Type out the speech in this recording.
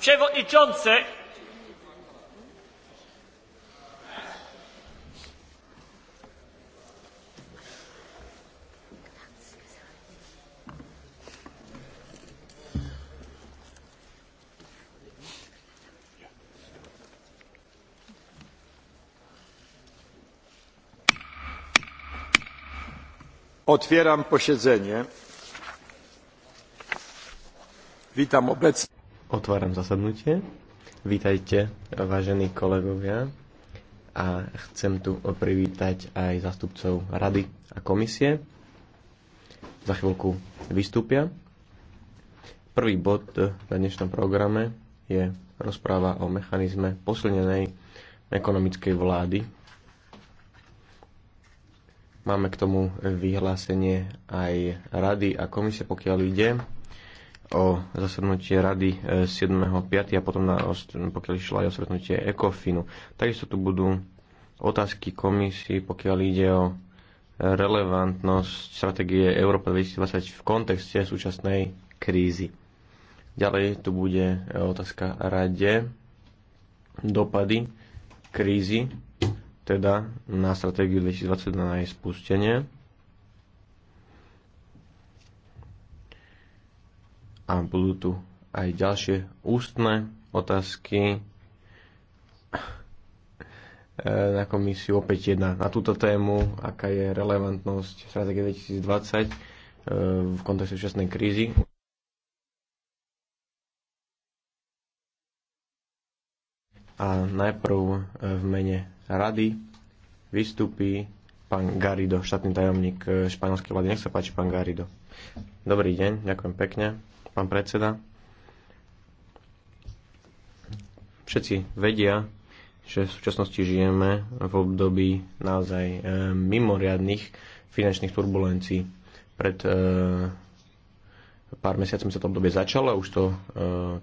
przewodniczący Otwieram posiedzenie. Witam obecnych. Otváram zasadnutie. Vítajte, vážení kolegovia. A chcem tu privítať aj zastupcov rady a komisie. Za chvíľku vystúpia. Prvý bod na dnešnom programe je rozpráva o mechanizme posilnenej ekonomickej vlády. Máme k tomu vyhlásenie aj rady a komisie, pokiaľ ide o zasadnutie rady 7.5. E, a potom na, pokiaľ išlo aj o stretnutie ECOFINu. Takisto tu budú otázky komisii, pokiaľ ide o relevantnosť stratégie Európa 2020 v kontexte súčasnej krízy. Ďalej tu bude e, otázka rade dopady krízy, teda na stratégiu 2020 na jej spustenie. a budú tu aj ďalšie ústne otázky e, na komisiu opäť jedna na túto tému, aká je relevantnosť strategie 2020 e, v kontexte súčasnej krízy. A najprv e, v mene rady vystupí pán Garido, štátny tajomník španielskej vlády. Nech sa páči, pán Garido. Dobrý deň, ďakujem pekne pán predseda. Všetci vedia, že v súčasnosti žijeme v období naozaj eh, mimoriadných finančných turbulencií. Pred eh, pár mesiacmi sa to obdobie začalo, už to eh,